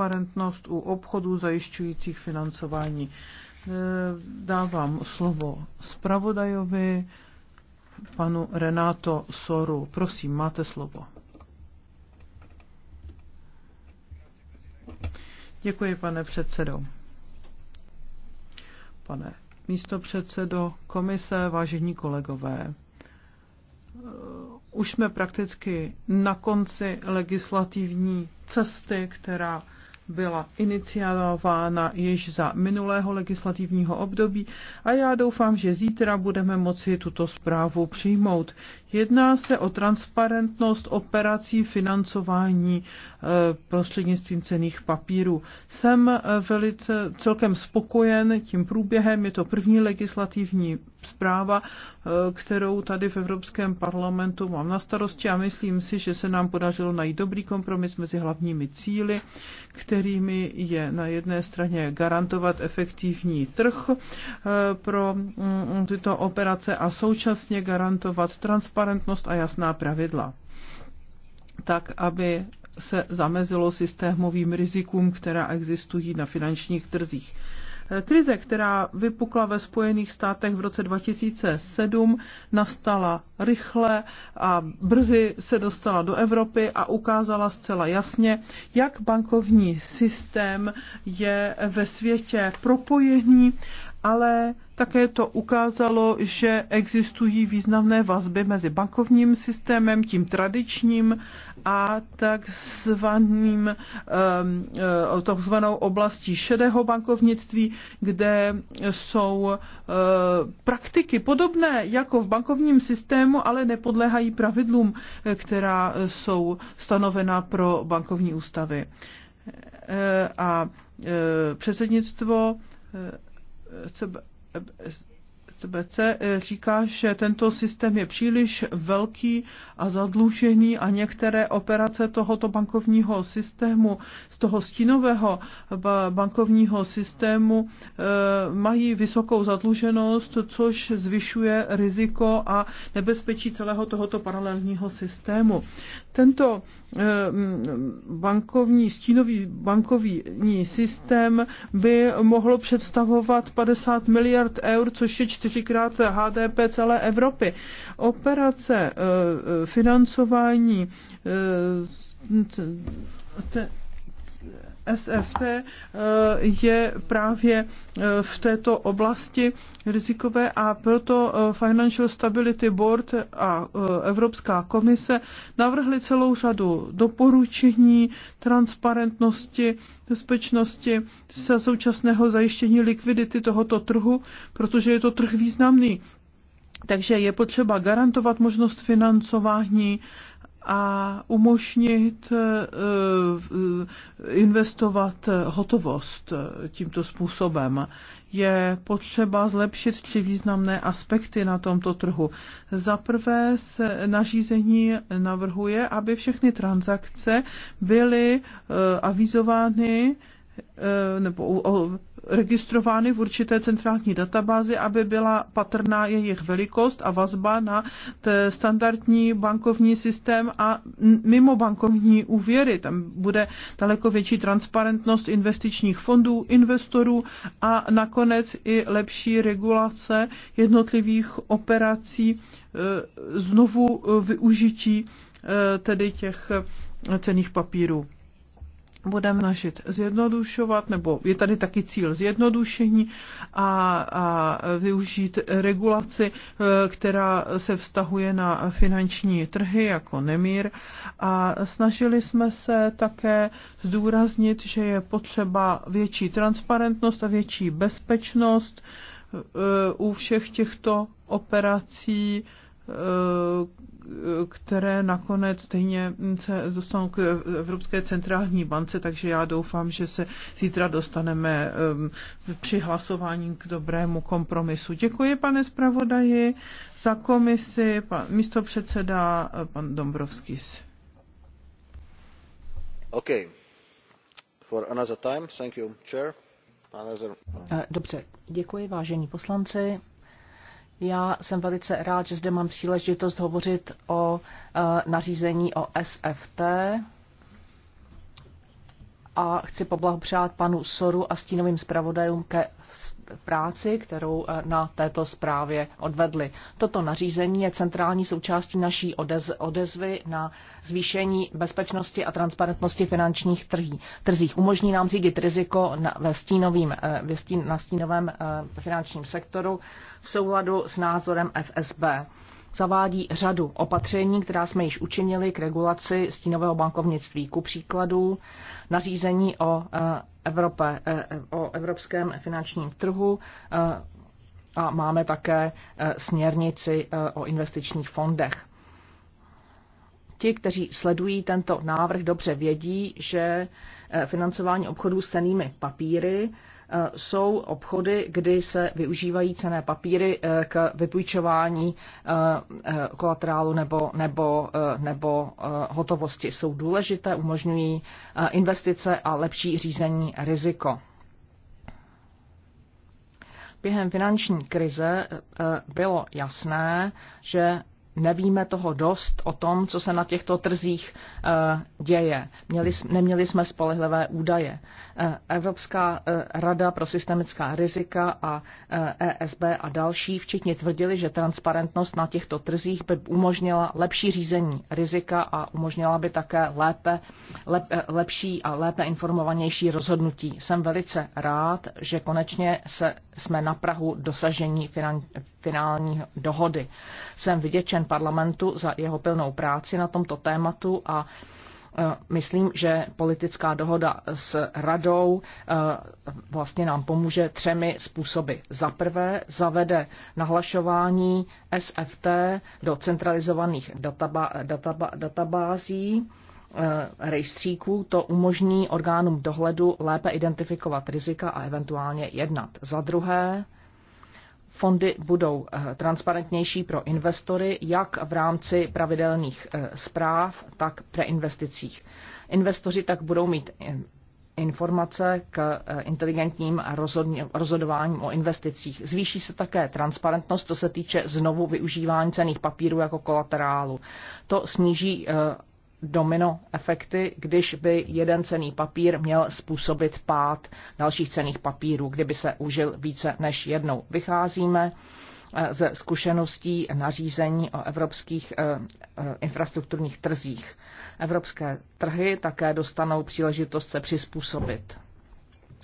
transparentnost u obchodů zajišťujících financování. E, dávám slovo zpravodajovi, panu Renato Soru. Prosím, máte slovo. Děkuji, pane předsedo. Pane místo předsedo komise, vážení kolegové, e, už jsme prakticky na konci legislativní cesty, která byla iniciována již za minulého legislativního období a já doufám, že zítra budeme moci tuto zprávu přijmout. Jedná se o transparentnost operací financování eh, prostřednictvím cených papírů. Jsem eh, velice celkem spokojen tím průběhem, je to první legislativní zpráva, eh, kterou tady v Evropském parlamentu mám na starosti a myslím si, že se nám podařilo najít dobrý kompromis mezi hlavními cíly, kterými je na jedné straně garantovat efektivní trh eh, pro mm, tyto operace a současně garantovat transparentnost a jasná pravidla tak, aby se zamezilo systémovým rizikům, která existují na finančních trzích. Krize, která vypukla ve Spojených státech v roce 2007, nastala rychle a brzy se dostala do Evropy a ukázala zcela jasně, jak bankovní systém je ve světě propojený ale také to ukázalo, že existují významné vazby mezi bankovním systémem, tím tradičním a takzvaným, ehm, eh, takzvanou oblastí šedého bankovnictví, kde jsou eh, praktiky podobné jako v bankovním systému, ale nepodléhají pravidlům, eh, která jsou stanovena pro bankovní ústavy. A předsednictvo CBC říká, že tento systém je příliš velký a zadlužený a některé operace tohoto bankovního systému, z toho stínového bankovního systému, e, mají vysokou zadluženost, což zvyšuje riziko a nebezpečí celého tohoto paralelního systému. Tento eh, bankovní, stínový bankovní systém by mohlo představovat 50 miliard eur, což je čtyřikrát HDP celé Evropy. Operace eh, financování eh, SFT eh, je právě eh, v této oblasti rizikové a proto eh, Financial Stability Board a Evropská komise navrhly celou řadu doporučení transparentnosti, bezpečnosti se současného zajištění likvidity tohoto trhu, protože je to trh významný. Takže je potřeba garantovat možnost financování a umožnit eh, eh, investovat hotovost eh, tímto způsobem. Je potřeba zlepšit tři významné aspekty na tomto trhu. Za prvé se nařízení navrhuje, aby všechny transakce byly avizovány Eh, nebo registrovány v určité centrální databázi, aby byla patrná jejich velikost a vazba na standardní bankovní systém a mimo bankovní úvěry. Tam bude daleko větší transparentnost investičních fondů, investorů a nakonec i lepší regulace jednotlivých operací eh, znovu eh, využití tedy těch cených papírů budeme snažit zjednodušovat, nebo je tady taky cíl zjednodušení a, a využít regulaci, e, která se vztahuje na finanční trhy jako nemír. A snažili jsme se také zdůraznit, že je potřeba větší transparentnost a větší bezpečnost e, u všech těchto operací, e, které nakonec stejně se dostanou k Evropské centrální bance, takže já doufám, že se zítra dostaneme um, při hlasování k dobrému kompromisu. Děkuji, pane zpravodaji, za komisi, pan, místo předseda, pan Dombrovskis. OK. For another time. Thank you, chair. Dobře, děkuji, vážení poslanci. Já jsem velice rád, že zde mám příležitost hovořit o e, nařízení o SFT, a chci poblahopřát panu Soru a stínovým zpravodajům ke práci, kterou eh, na této zprávě odvedli. Toto nařízení je centrální součástí naší odez, odezvy na zvýšení bezpečnosti a transparentnosti finančních trhí. trzích. Umožní nám řídit riziko na, ve stínovým, eh, ve stín, na stínovém eh, finančním sektoru v souladu s názorem FSB zavádí řadu opatření, která jsme již učinili k regulaci stínového bankovnictví. Ku příkladu nařízení o, eh, Evropě, eh, o evropském finančním trhu eh, a máme také směrnici o investičních fondech. Ti, kteří sledují tento návrh, dobře vědí, že financování obchodů s cenými papíry Eh, jsou obchody, kdy se využívají cené papíry eh, k vypůjčování eh, kolaterálu nebo, nebo, nebo hotovosti. Jsou důležité, umožňují investice a lepší řízení riziko. Během finanční krize bylo jasné, že nevíme toho dost o tom, co se na těchto trzích eh, děje. Měli, neměli jsme spolehlivé údaje. Eh, Evropská eh, rada pro systemická rizika a ESB e a další včetně tvrdili, že transparentnost na těchto trzích by umožnila lepší řízení rizika a umožnila by také lépe, lep, lepší a lépe informovanější rozhodnutí. Jsem velice rád, že konečně se, jsme na Prahu dosažení finan, finální dohody. Jsem vděčen parlamentu za jeho pilnou práci na tomto tématu a e, myslím, že politická dohoda s radou e, vlastně nám pomůže třemi způsoby. Za prvé zavede nahlašování SFT do centralizovaných databa, databa, databází e, rejstříků, to umožní orgánům dohledu lépe identifikovat rizika a eventuálně jednat. Za druhé, Fondy budou eh, transparentnější pro investory jak v rámci pravidelných eh, zpráv, tak pre investicích. Investoři tak budou mít eh, informace k inteligentním rozhodováním o investicích. Zvýší se také transparentnost, co se týče znovu využívání cených papírů jako kolaterálu. To sníží domino efekty, když by jeden cený papír měl způsobit pád dalších cených papírů, kdyby se užil více než jednou. Vycházíme eh, ze zkušeností nařízení o evropských eh, eh, infrastrukturních trzích. Evropské trhy také dostanou příležitost se přizpůsobit.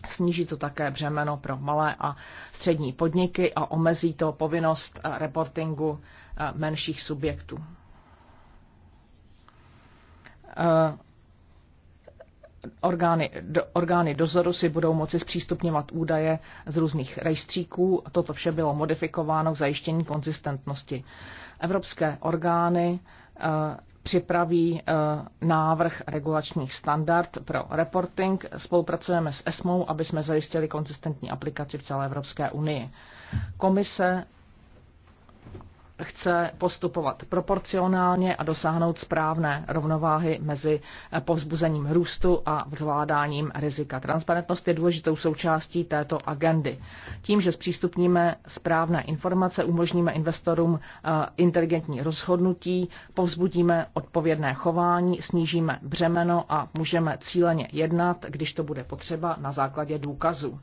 Sníží to také břemeno pro malé a střední podniky a omezí to povinnost reportingu menších subjektů. Eh, orgány, orgány dozoru si budou moci zpřístupňovat údaje z různých rejstříků. Toto vše bylo modifikováno k zajištění konzistentnosti. Evropské orgány eh, připraví eh, návrh regulačních standard pro reporting. Spolupracujeme s ESMou, aby jsme zajistili konzistentní aplikaci v celé Evropské unii. Komise chce postupovat proporcionálně a dosáhnout správné rovnováhy mezi povzbuzením růstu a zvládáním rizika. Transparentnost je důležitou součástí této agendy. Tím, že zpřístupníme správné informace, umožníme investorům eh, inteligentní rozhodnutí, povzbudíme odpovědné chování, snížíme břemeno a můžeme cíleně jednat, když to bude potřeba na základě důkazů.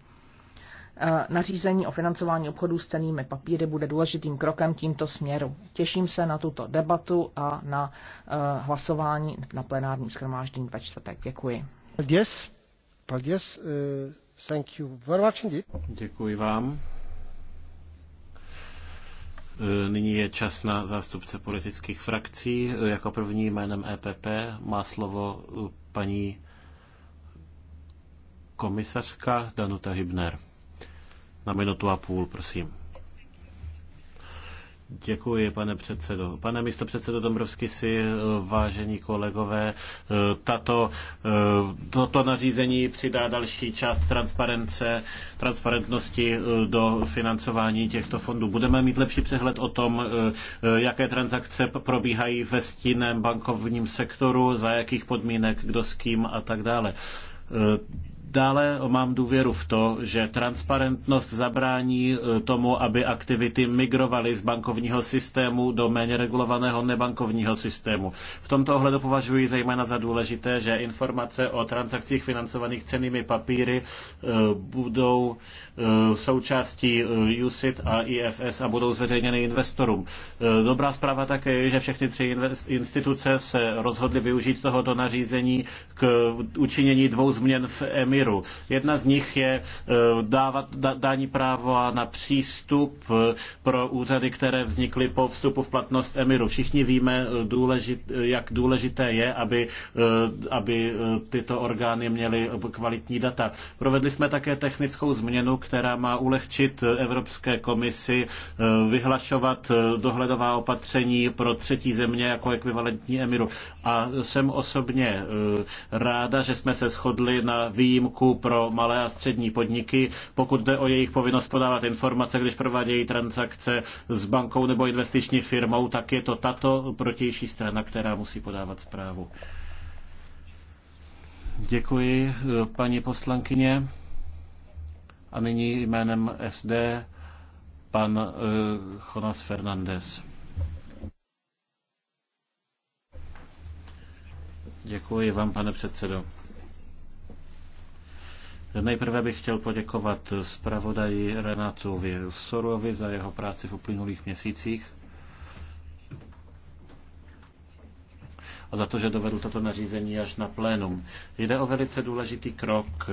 Eh, nařízení o financování obchodů s cenými papíry bude důležitým krokem tímto směru. Těším se na tuto debatu a na eh, hlasování na plenárním schromáždění ve čtvrtek. Děkuji. Yes. Yes. Uh, thank you very much Děkuji vám. Eh, nyní je čas na zástupce politických frakcí. Jako první jménem EPP má slovo paní komisařka Danuta Hybner na minutu a půl, prosím. Děkuji, pane předsedo. Pane místo předsedo Dombrovský si, vážení kolegové, tato, toto nařízení přidá další část transparence, transparentnosti do financování těchto fondů. Budeme mít lepší přehled o tom, jaké transakce probíhají ve stínném bankovním sektoru, za jakých podmínek, kdo s kým a tak dále Dále mám důvěru v to, že transparentnost zabrání e, tomu, aby aktivity migrovaly z bankovního systému do méně regulovaného nebankovního systému. V tomto ohledu považuji zejména za důležité, že informace o transakcích financovaných cenými papíry e, budou e, součástí USIT a IFS a budou zveřejněny investorům. Dobrá zpráva také je, že všechny tři instituce se rozhodly využít tohoto nařízení k učinění dvou změn v EMI míru. Jedna z nich je eh, dávat dání práva na přístup eh, pro úřady, které vznikly po vstupu v platnost emiru. Všichni víme, eh, důležit, jak důležité je, aby, aby tyto orgány měly kvalitní data. Provedli jsme také technickou změnu, která má ulehčit Evropské komisi vyhlašovat dohledová opatření pro třetí země jako ekvivalentní emiru. A jsem osobně ráda, že jsme se shodli na výjimku výjimku pro malé a střední podniky, pokud jde o jejich povinnost podávat informace, když provádějí transakce s bankou nebo investiční firmou, tak je to tato protější strana, která musí podávat zprávu. Děkuji, paní poslankyně. A nyní jménem SD pan uh, Jonas Fernandez. Děkuji vám, pane předsedo. Nejprve bych chtěl poděkovat zpravodaji Renatu Sorovi za jeho práci v uplynulých měsících a za to, že dovedl toto nařízení až na plénum. Jde o velice důležitý krok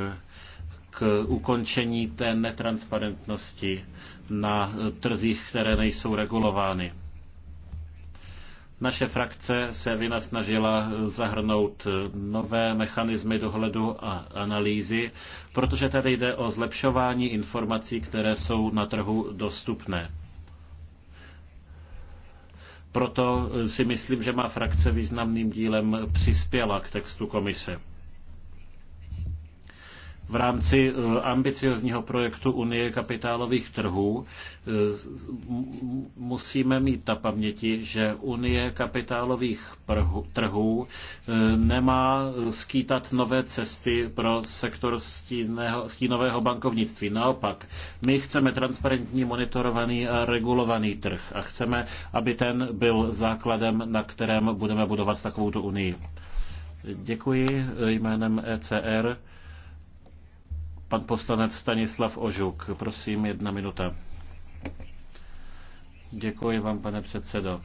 k ukončení té netransparentnosti na trzích, které nejsou regulovány. Naše frakce se vynasnažila zahrnout nové mechanismy dohledu a analýzy, protože tady jde o zlepšování informací, které jsou na trhu dostupné. Proto si myslím, že má frakce významným dílem přispěla k textu komise v rámci eh, ambiciozního projektu Unie kapitálových trhů eh, musíme mít na paměti, že Unie kapitálových trhů eh, nemá skýtat nové cesty pro sektor stíného, stínového bankovnictví. Naopak, my chceme transparentní, monitorovaný a regulovaný trh a chceme, aby ten byl základem, na kterém budeme budovat takovouto unii. Děkuji jménem ECR Pan poslanec Stanislav Ožuk, prosím, jedna minuta. Děkuji vám, pane předsedo.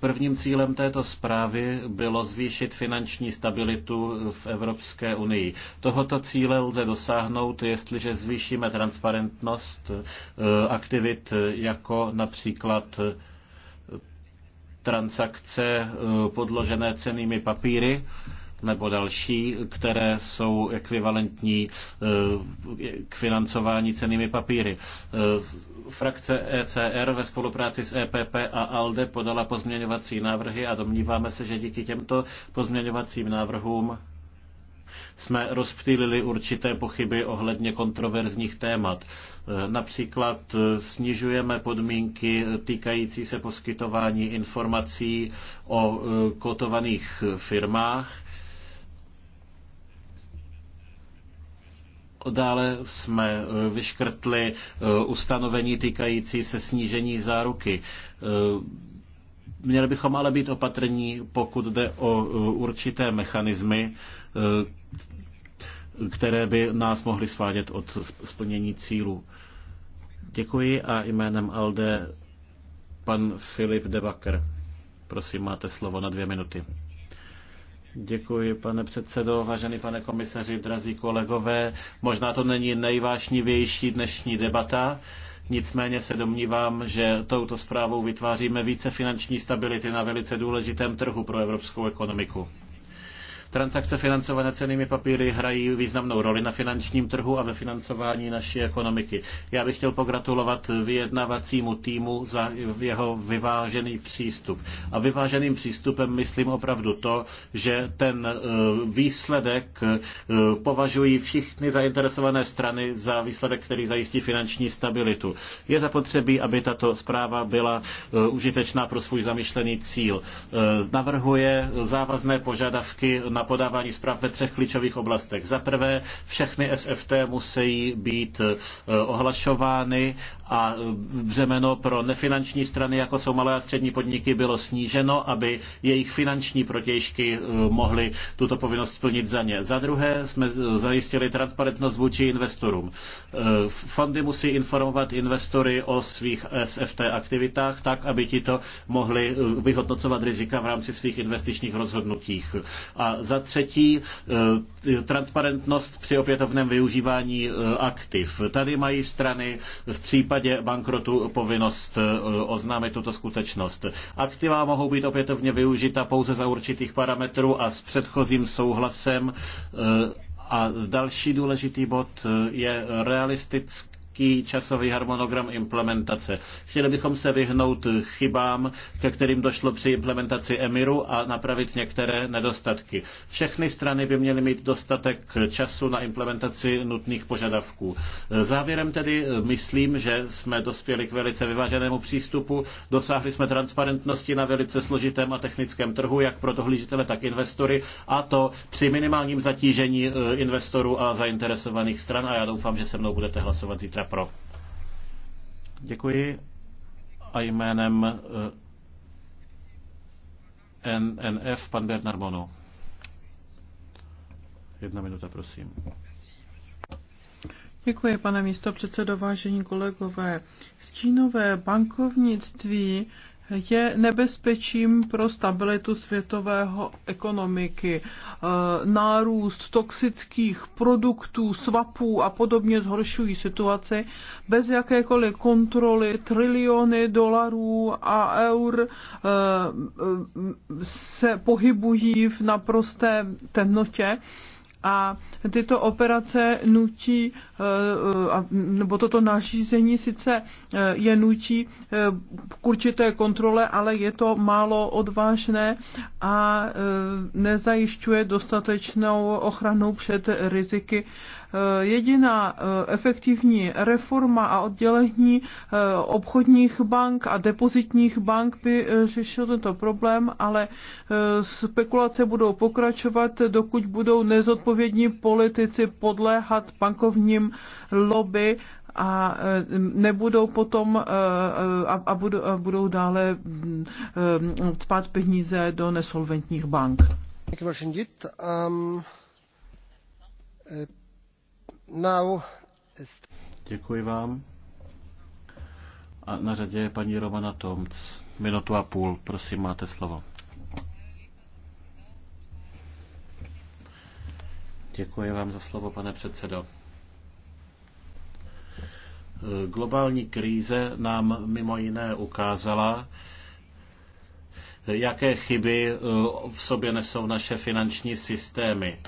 Prvním cílem této zprávy bylo zvýšit finanční stabilitu v Evropské unii. Tohoto cíle lze dosáhnout, jestliže zvýšíme transparentnost eh, aktivit eh, jako například eh, transakce podložené cenými papíry nebo další, které jsou ekvivalentní eh, k financování cenými papíry. Eh, frakce ECR ve spolupráci s EPP a ALDE podala pozměňovací návrhy a domníváme se, že díky těmto pozměňovacím návrhům jsme rozptýlili určité pochyby ohledně kontroverzních témat. Eh, například snižujeme podmínky týkající se poskytování informací o kotovaných firmách Dále jsme eh, vyškrtli eh, ustanovení týkající se snížení záruky. Eh, měli bychom ale být opatrní, pokud jde o určité mechanismy, které by nás mohly svádět od splnění cílů. Děkuji a jménem Alde pan Filip Debaker. Prosím, máte slovo na dvě minuty. Děkuji, pane předsedo, vážený pane komisaři, drazí kolegové. Možná to není nejvážnější dnešní debata, nicméně se domnívám, že touto zprávou vytváříme více finanční stability na velice důležitém trhu pro evropskou ekonomiku. Transakce financované cenými papíry hrají významnou roli na finančním trhu a ve financování naší ekonomiky. Já bych chtěl pogratulovat vyjednavacímu týmu za jeho vyvážený přístup. A vyváženým přístupem myslím opravdu to, že ten eh, výsledek eh, považují všichni zainteresované strany za výsledek, který zajistí finanční stabilitu. Je zapotřebí, aby tato zpráva byla eh, užitečná pro svůj zamýšlený cíl. Navrhuje závazné požadavky na na podávání zpráv ve třech klíčových oblastech. Za prvé, všechny SFT musí být eh, ohlašovány a eh, břemeno pro nefinanční strany, jako jsou malé a střední podniky, bylo sníženo, aby jejich finanční protěžky eh, mohly tuto povinnost splnit za ně. Za druhé, jsme zajistili transparentnost vůči investorům. Fondy musí informovat investory o svých SFT aktivitách tak, aby ti to mohli vyhodnocovat rizika v rámci svých investičních rozhodnutích. A za třetí, eh, transparentnost při opětovném využívání eh, aktiv. Tady mají strany v případě bankrotu povinnost eh, oznámit tuto skutečnost. Aktiva mohou být opětovně využita pouze za určitých parametrů a s předchozím souhlasem. A další důležitý bod je realistický krátký časový harmonogram implementace. Chtěli bychom se vyhnout chybám, ke kterým došlo při implementaci Emiru a napravit některé nedostatky. Všechny strany by měly mít dostatek času na implementaci nutných požadavků. Závěrem tedy myslím, že jsme dospěli k velice vyváženému přístupu, dosáhli jsme transparentnosti na velice složitém a technickém trhu, jak pro dohlížitele, tak investory, a to při minimálním zatížení eh, investorů a zainteresovaných stran a já doufám, že se mnou budete hlasovat zítra pro. Děkuji a jménem eh, NNF pan Bernard Bono. Jedna minuta, prosím. Děkuji, pane místo předsedo, vážení kolegové. Stínové bankovnictví je nebezpečím pro stabilitu světového ekonomiky. E, nárůst toxických produktů, svapů a podobně zhoršují situaci. Bez jakékoliv kontroly triliony dolarů a eur e, se pohybují v naprosté temnotě a tyto operace nutí, eh, nebo toto nařízení sice eh, je nutí eh, k určité kontrole, ale je to málo odvážné a nezajišťuje dostatečnou ochranu před riziky Eh, jediná eh, efektivní reforma a oddělení eh, obchodních bank a depozitních bank by řešil tento problém, ale spekulace budou pokračovat, dokud budou nezodpovědní politici podléhat bankovním lobby a nebudou potom a, budou, dále mm, spát peníze do nesolventních bank. Now... Děkuji vám. A na řadě je paní Romana Tomc. Minutu a půl, prosím, máte slovo. Děkuji vám za slovo, pane předsedo. Globální krize nám mimo jiné ukázala, jaké chyby v sobě nesou naše finanční systémy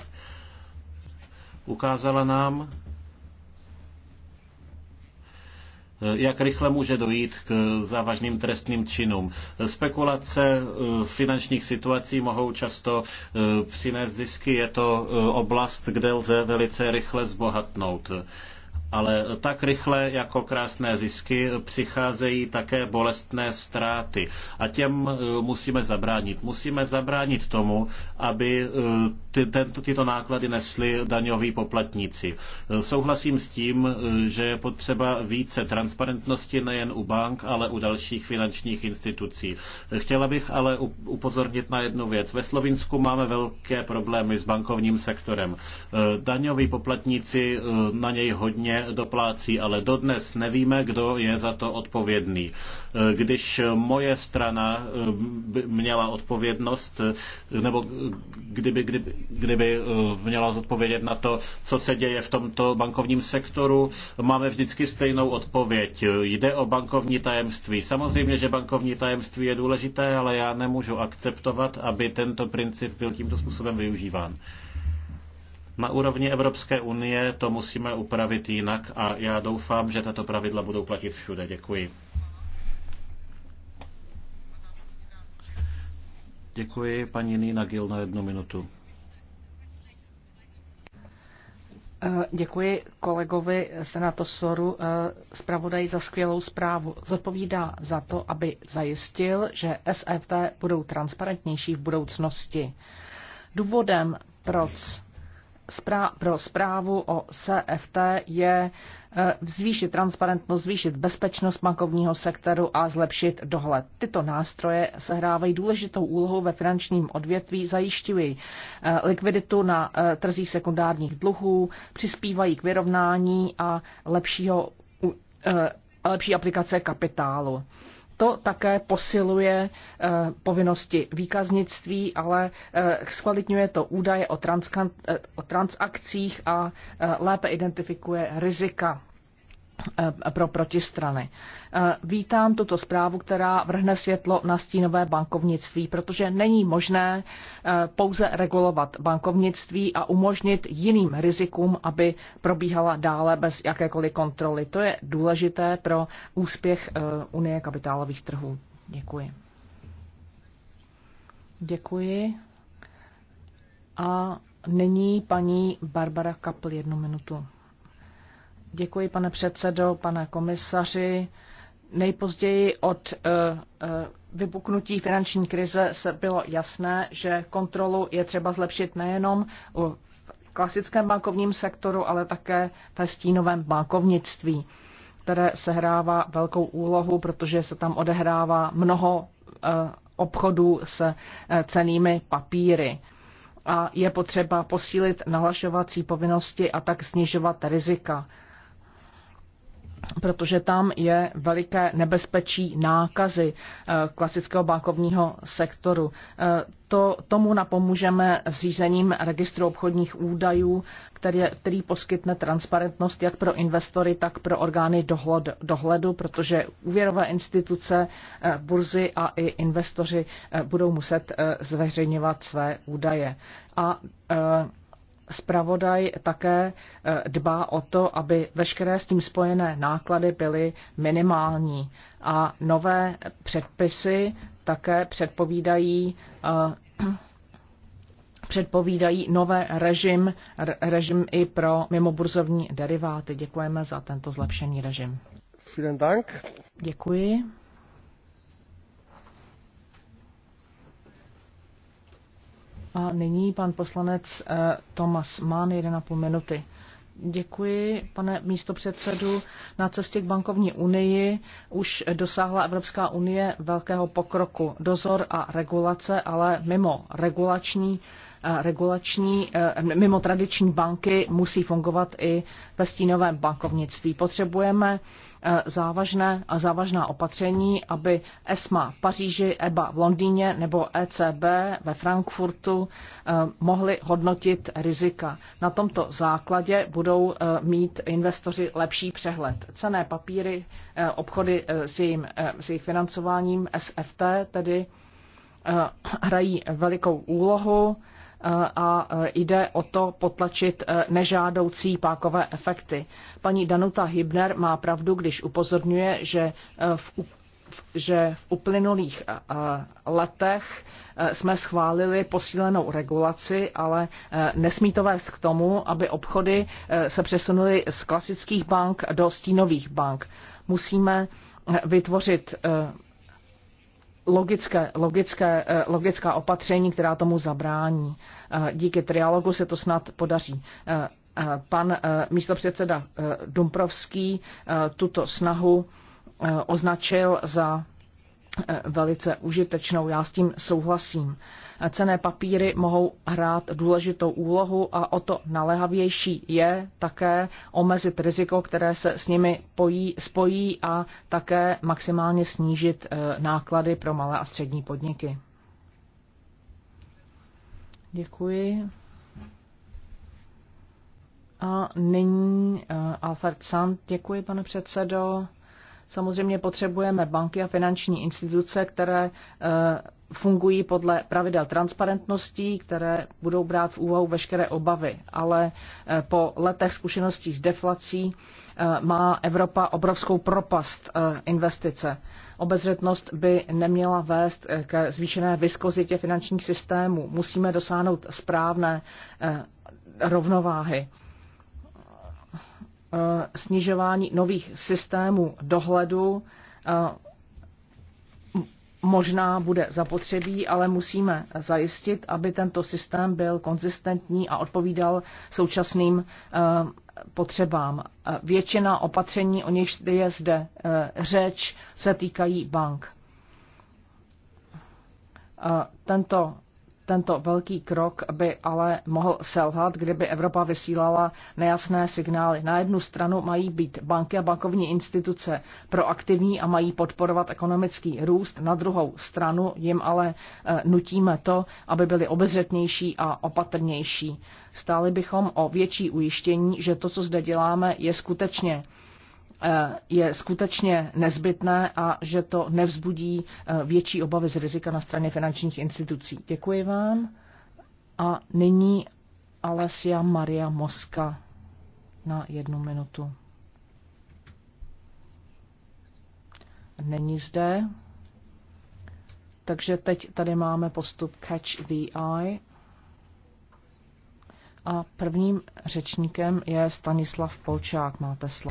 ukázala nám, eh, jak rychle může dojít k závažným trestným činům. Spekulace eh, finančních situací mohou často eh, přinést zisky. Je to oblast, kde lze velice rychle zbohatnout ale tak rychle jako krásné zisky přicházejí také bolestné ztráty. A těm e, musíme zabránit. Musíme zabránit tomu, aby e, ty, tento, tyto náklady nesly daňoví poplatníci. E, souhlasím s tím, že je potřeba více transparentnosti nejen u bank, ale u dalších finančních institucí. Chtěla bych ale upozornit na jednu věc. Ve Slovinsku máme velké problémy s bankovním sektorem. Daňoví poplatníci na něj hodně doplácí, ale dodnes nevíme, kdo je za to odpovědný. Když moje strana eh, měla odpovědnost, eh, nebo kdyby, kdyby, kdyby eh, měla zodpovědět na to, co se děje v tomto bankovním sektoru, máme vždycky stejnou odpověď. Jde o bankovní tajemství. Samozřejmě, že bankovní tajemství je důležité, ale já nemůžu akceptovat, aby tento princip byl tímto způsobem využíván. Na úrovni Evropské unie to musíme upravit jinak a já doufám, že tato pravidla budou platit všude. Děkuji. Děkuji paní Nina Gil na jednu minutu. Eh, děkuji kolegovi senatosoru eh, zpravodaji za skvělou zprávu. Zodpovídá za to, aby zajistil, že SFT budou transparentnější v budoucnosti. Důvodem, proč pro zprávu o CFT je e, zvýšit transparentnost, zvýšit bezpečnost bankovního sektoru a zlepšit dohled. Tyto nástroje sehrávají důležitou úlohu ve finančním odvětví, zajišťují e, likviditu na e, trzích sekundárních dluhů, přispívají k vyrovnání a lepšího, lepší aplikace kapitálu to také posiluje eh, povinnosti výkaznictví, ale eh, zkvalitňuje to údaje o, eh, o transakcích a lépe identifikuje rizika Eh, pro protistrany. Eh, vítám tuto zprávu, která vrhne světlo na stínové bankovnictví, protože není možné eh, pouze regulovat bankovnictví a umožnit jiným rizikům, aby probíhala dále bez jakékoliv kontroly. To je důležité pro úspěch Unie kapitálových trhů. Děkuji. Děkuji. A nyní paní Barbara Kapl jednu minutu. Děkuji, pane předsedo, pane komisaři. Nejpozději od eh, eh, vypuknutí finanční krize se bylo jasné, že kontrolu je třeba zlepšit nejenom v klasickém bankovním sektoru, ale také ve stínovém bankovnictví, které sehrává velkou úlohu, protože se tam odehrává mnoho eh, obchodů s cenými papíry a je potřeba posílit nahlašovací povinnosti a tak snižovat rizika protože tam je veliké nebezpečí nákazy eh, klasického bankovního sektoru. Eh, to, tomu napomůžeme zřízením registru obchodních údajů, který, který poskytne transparentnost jak pro investory, tak pro orgány dohled, dohledu, protože úvěrové instituce, eh, burzy a i investoři budou muset zveřejňovat své údaje. A zpravodaj také eh, dbá o to, aby veškeré s tím spojené náklady byly minimální. A nové předpisy také předpovídají eh, předpovídají nové režim, režim i pro mimoburzovní deriváty. Děkujeme za tento zlepšený režim. Vielen Dank. Děkuji. A nyní pan poslanec eh, Tomas Mann, 1,5 minuty. Děkuji, pane místopředsedu. Na cestě k bankovní unii už dosáhla Evropská unie velkého pokroku. Dozor a regulace, ale mimo regulační regulační, eh, mimo tradiční banky musí fungovat i ve stínovém bankovnictví. Potřebujeme eh, závažné a závažná opatření, aby ESMA v Paříži, EBA v Londýně nebo ECB ve Frankfurtu eh, mohli hodnotit rizika. Na tomto základě budou mít investoři lepší přehled. Cené papíry, obchody s, jejím, s jejím financováním SFT tedy hrají velikou úlohu a jde o to potlačit e, nežádoucí pákové efekty. Paní Danuta Hibner má pravdu, když upozorňuje, že e, v že v uplynulých e, letech jsme schválili posílenou regulaci, ale nesmí to vést k tomu, aby obchody se přesunuly z klasických bank do stínových bank. Musíme vytvořit logické, logické, eh, logická opatření, která tomu zabrání. Eh, díky trialogu se to snad podaří. Eh, pan místopředseda Dumprovský tuto snahu označil za Eh, velice užitečnou. Já s tím souhlasím. Eh, cené papíry mohou hrát důležitou úlohu a o to naléhavější je také omezit riziko, které se s nimi pojí, spojí a také maximálně snížit eh, náklady pro malé a střední podniky. Děkuji. A nyní Alfred Sand. Děkuji, pane předsedo. Samozřejmě potřebujeme banky a finanční instituce, které eh, fungují podle pravidel transparentnosti, které budou brát v úvahu veškeré obavy. Ale eh, po letech zkušeností s deflací eh, má Evropa obrovskou propast investice. Obezřetnost by neměla vést ke zvýšené vyskozitě finančních systémů. Musíme dosáhnout správné rovnováhy Eh, snižování nových systémů dohledu eh, možná bude zapotřebí, ale musíme zajistit, aby tento systém byl konzistentní a odpovídal současným eh, potřebám. Většina opatření, o nichž je zde řeč, se týkají bank. Tento tento velký krok by ale mohl selhat, kdyby Evropa vysílala nejasné signály. Na jednu stranu mají být banky a bankovní instituce proaktivní a mají podporovat ekonomický růst, na druhou stranu jim ale e, nutíme to, aby byli obezřetnější a opatrnější. Stáli bychom o větší ujištění, že to, co zde děláme, je skutečně Eh, je skutečně nezbytné a že to nevzbudí eh, větší obavy z rizika na straně finančních institucí. Děkuji vám. A nyní Alessia Maria Moska na jednu minutu. Není zde. Takže teď tady máme postup Catch the Eye. A prvním řečníkem je Stanislav Polčák. Máte slovo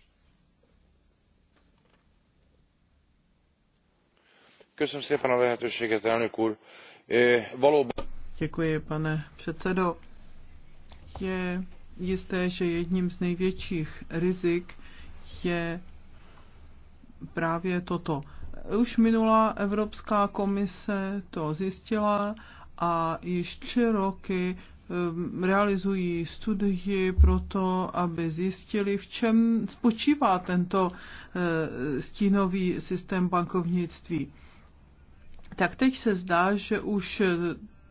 Děkuji, pane předsedo. Je jisté, že jedním z největších rizik je právě toto. Už minulá Evropská komise to zjistila a již tři roky ehm, realizují studii pro to, aby zjistili, v čem spočívá tento eh, stínový systém bankovnictví tak teď se zdá, že už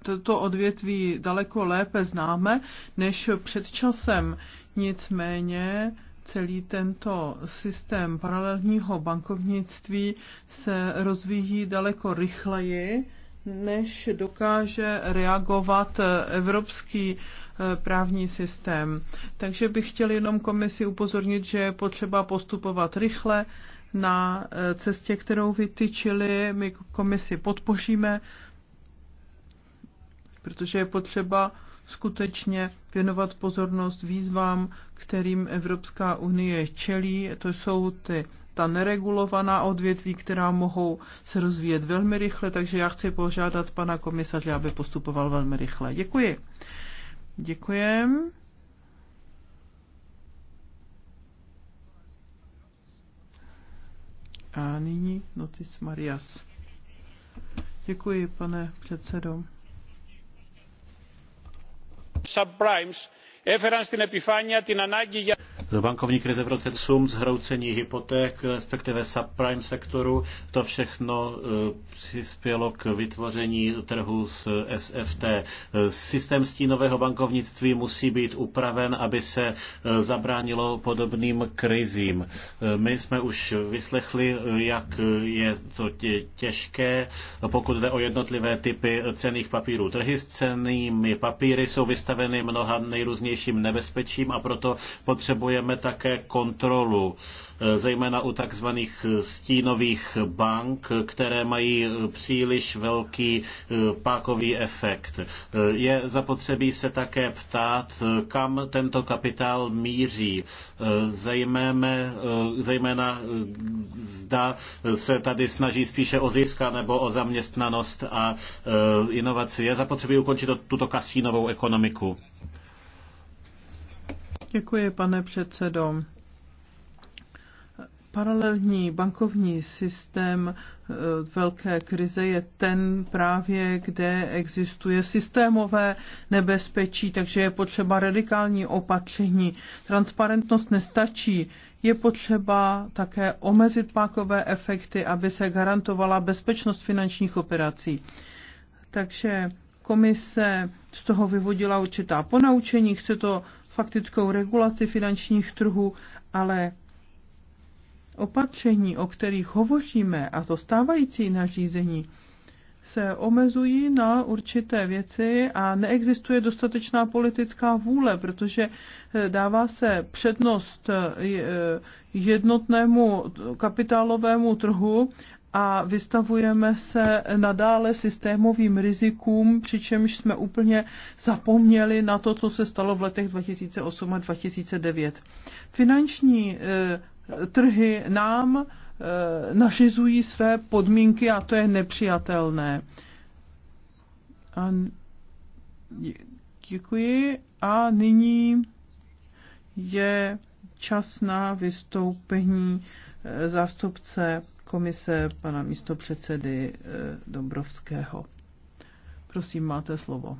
toto odvětví daleko lépe známe než před časem. Nicméně celý tento systém paralelního bankovnictví se rozvíjí daleko rychleji, než dokáže reagovat evropský eh, právní systém. Takže bych chtěl jenom komisi upozornit, že je potřeba postupovat rychle na eh, cestě, kterou vytyčili. My komisi podpoříme, protože je potřeba skutečně věnovat pozornost výzvám, kterým Evropská unie čelí. To jsou ty ta neregulovaná odvětví, která mohou se rozvíjet velmi rychle, takže já chci požádat pana komisaře, aby postupoval velmi rychle. Děkuji. Děkujem. A nyní Notis Marias. Děkuji, pane předsedo. Subprimes έφεραν στην επιφάνεια την ανάγκη για bankovní krize v roce 2008, zhroucení hypoték, respektive subprime sektoru, to všechno eh, přispělo k vytvoření trhu s SFT. Systém stínového bankovnictví musí být upraven, aby se eh, zabránilo podobným krizím. Eh, my jsme už vyslechli, jak je to těžké, pokud jde o jednotlivé typy cených papírů. Trhy s cenými papíry jsou vystaveny mnoha nejrůznějším nebezpečím a proto potřebuje potřebujeme také kontrolu, eh, zejména u takzvaných eh, stínových bank, které mají eh, příliš velký pákový efekt. Je zapotřebí se také ptát, kam tento kapitál míří, zejména, zejména zda se tady snaží spíše o ziska nebo o zaměstnanost a inovaci. Je zapotřebí ukončit tuto kasínovou ekonomiku. Děkuji, pane předsedo. Paralelní bankovní systém eh, velké krize je ten právě, kde existuje systémové nebezpečí, takže je potřeba radikální opatření. Transparentnost nestačí. Je potřeba také omezit pákové efekty, aby se garantovala bezpečnost finančních operací. Takže komise z toho vyvodila určitá ponaučení, chce to faktickou regulaci finančních trhů, ale opatření, o kterých hovoříme a na nařízení, se omezují na určité věci a neexistuje dostatečná politická vůle, protože eh, dává se přednost eh, eh, jednotnému kapitálovému trhu a vystavujeme se nadále systémovým rizikům, přičemž jsme úplně zapomněli na to, co se stalo v letech 2008 a 2009. Finanční eh, trhy nám eh, nařizují své podmínky a to je nepřijatelné. A děkuji. A nyní je čas na vystoupení eh, zástupce komise pana místopředsedy eh, Dobrovského. Prosím, máte slovo.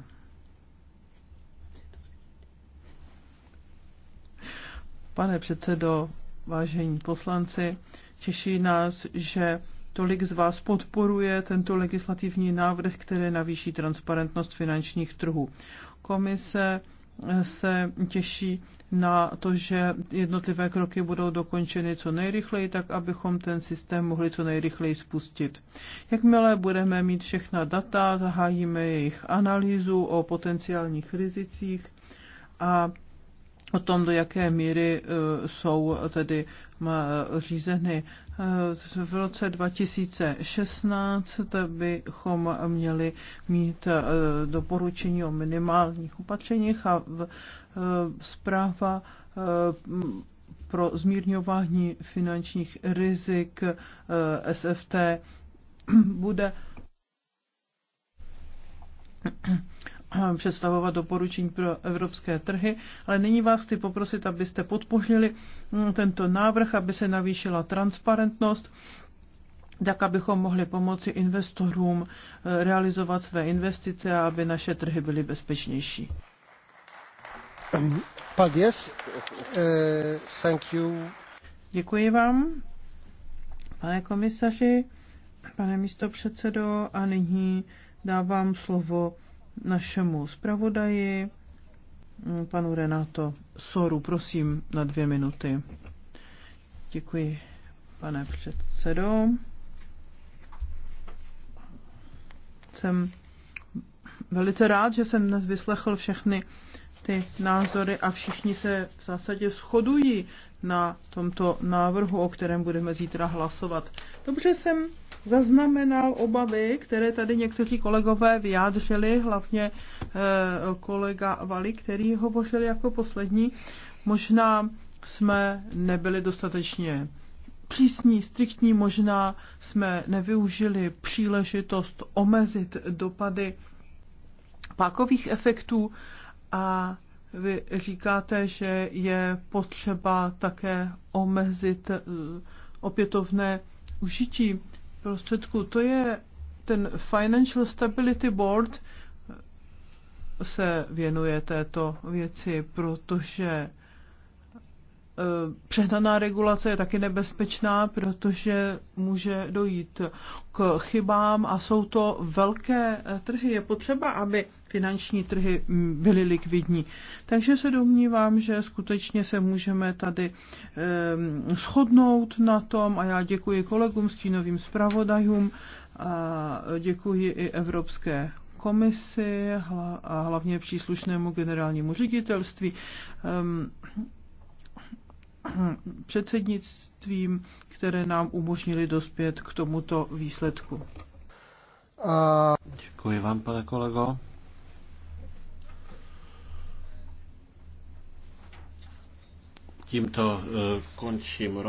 Pane předsedo, vážení poslanci, těší nás, že tolik z vás podporuje tento legislativní návrh, který navýší transparentnost finančních trhů. Komise se těší na to, že jednotlivé kroky budou dokončeny co nejrychleji, tak abychom ten systém mohli co nejrychleji spustit. Jakmile budeme mít všechna data, zahájíme jejich analýzu o potenciálních rizicích a o tom, do jaké míry e, jsou tedy e, řízeny. Eh, v roce 2016 bychom měli mít eh, doporučení o minimálních opatřeních a eh, zpráva pro zmírňování finančních rizik SFT bude Eh, představovat doporučení pro evropské trhy, ale nyní vás chci poprosit, abyste podpořili mm, tento návrh, aby se navýšila transparentnost, tak abychom mohli pomoci investorům eh, realizovat své investice a aby naše trhy byly bezpečnější. Eh, thank you. Děkuji vám, pane komisaři, pane místopředsedo, a nyní dávám slovo našemu zpravodaji, mm, panu Renato Soru. Prosím na dvě minuty. Děkuji, pane předsedo. Jsem velice rád, že jsem dnes vyslechl všechny ty názory a všichni se v zásadě shodují na tomto návrhu, o kterém budeme zítra hlasovat. Dobře jsem zaznamenal obavy, které tady někteří kolegové vyjádřili, hlavně eh, kolega Vali, který hovořil jako poslední. Možná jsme nebyli dostatečně přísní, striktní, možná jsme nevyužili příležitost omezit dopady pákových efektů a vy říkáte, že je potřeba také omezit eh, opětovné užití prostředků. To je ten Financial Stability Board eh, se věnuje této věci, protože eh, přehnaná regulace je taky nebezpečná, protože může dojít k chybám a jsou to velké eh, trhy. Je potřeba, aby finanční trhy mm, byly likvidní. Takže se domnívám, že skutečně se můžeme tady eh, shodnout na tom a já děkuji kolegům, stínovým zpravodajům a děkuji i Evropské komisi a hlavně příslušnému generálnímu ředitelství, předsednictvím, které nám umožnili dospět k tomuto výsledku. A... Děkuji vám, pane kolego. Tímto eh, končím